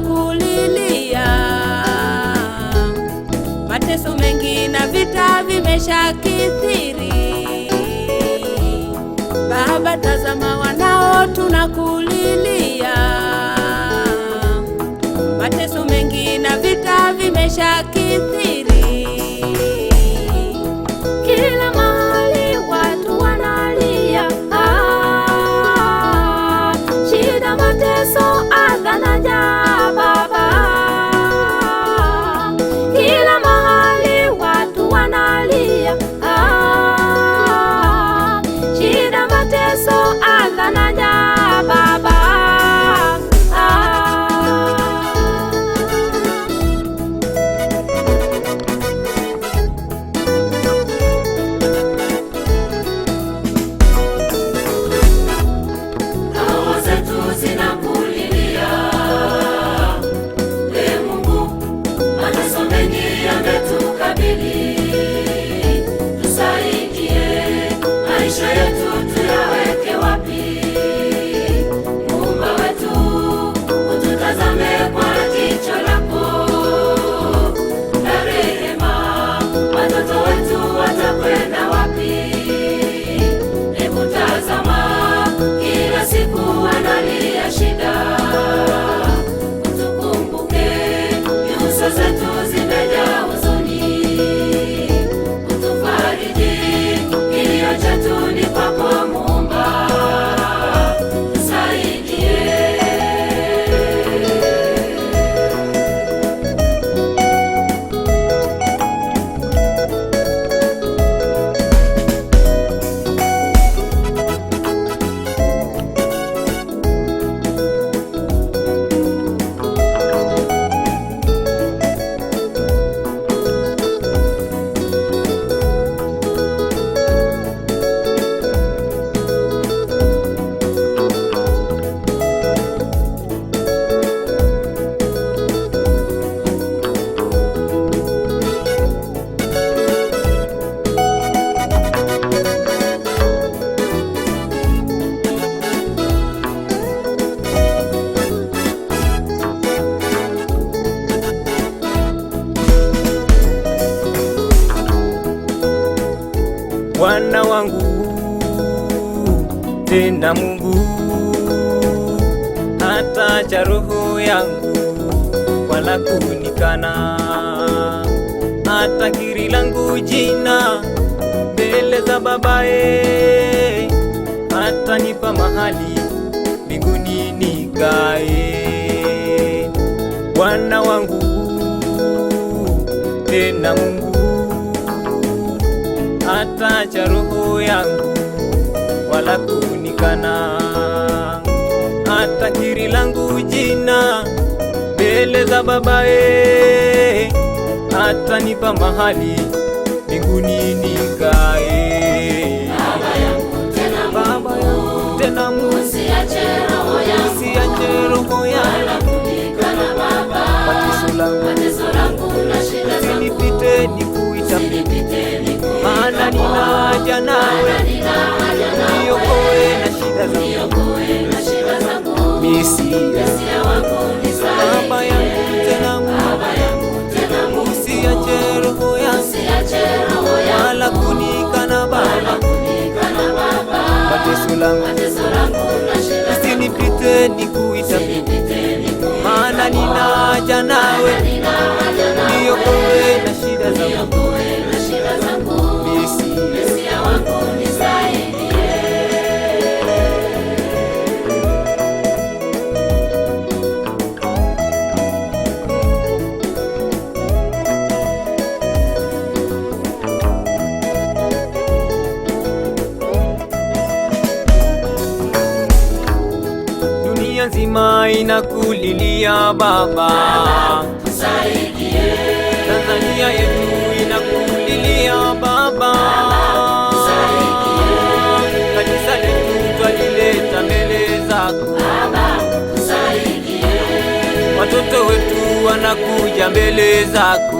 kulilia, mateso mengi na vita vimesha kithiri. Baba tazama, wanao tunakulilia, mateso mengi na vita vimesha kithiri. wangu tena Mungu hata cha roho yangu wala kunikana, hata kiri langu jina mbele za babae hata nipa mahali mbinguni nikae, Bwana wangu tena Mungu hata cha roho yangu wala kunikana, hata kiri langu jina mbele za babae, hata nipa mahali mbinguni nikae. Baba yangu tena Mungu, usiache sura, usinipite nikuita, maana ninaja nawe nzima inakulilia baba, tusaidie. Tanzania yetu inakulilia baba, tusaidie. Kanisa letu twalileta mbele zako baba, Watoto wetu wanakuja mbele zako